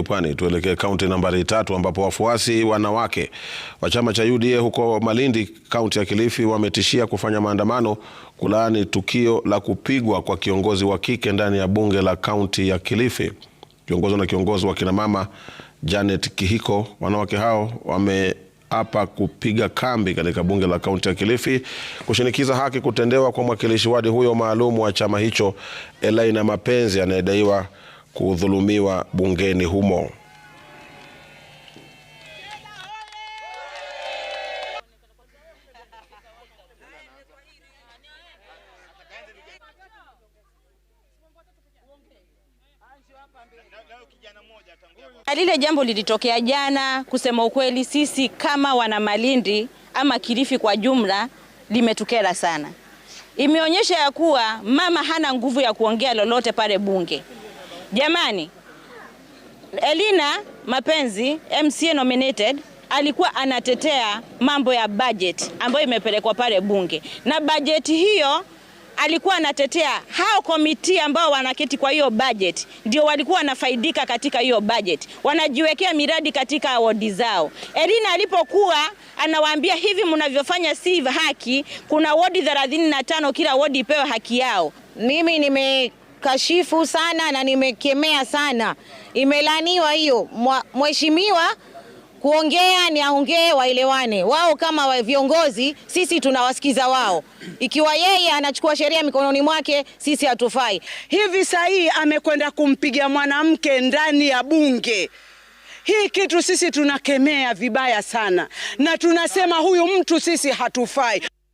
Pwani tuelekee kaunti nambari tatu ambapo wafuasi wanawake wa chama cha UDA huko Malindi kaunti ya Kilifi wametishia kufanya maandamano kulaani tukio la kupigwa kwa kiongozi wa kike ndani ya bunge la kaunti ya Kilifi. Kiongozwa na kiongozi wa kinamama Janet Kihiko, wanawake hao wameapa kupiga kambi katika bunge la kaunti ya Kilifi kushinikiza haki kutendewa kwa mwakilishi wadi huyo maalum wa chama hicho Elaina Mapenzi anayedaiwa kudhulumiwa bungeni humo. Lile jambo lilitokea jana. Kusema ukweli, sisi kama wana Malindi ama Kilifi kwa jumla, limetukera sana. Imeonyesha ya kuwa mama hana nguvu ya kuongea lolote pale bunge. Jamani, Elina Mapenzi MCA nominated alikuwa anatetea mambo ya budget ambayo imepelekwa pale bunge, na budget hiyo alikuwa anatetea hao komiti ambao wanaketi kwa hiyo budget, ndio walikuwa wanafaidika katika hiyo budget, wanajiwekea miradi katika awadi zao. Elina alipokuwa anawaambia hivi, mnavyofanya si haki, kuna wodi 35 kila wodi ipewe haki yao. Mimi nime kashifu sana na nimekemea sana, imelaniwa hiyo. Mheshimiwa kuongea ni aongee, waelewane wao kama wa viongozi, sisi tunawasikiza wao. Ikiwa yeye anachukua sheria mikononi mwake, sisi hatufai. Hivi saa hii amekwenda kumpiga mwanamke ndani ya bunge. Hii kitu sisi tunakemea vibaya sana, na tunasema huyu mtu sisi hatufai.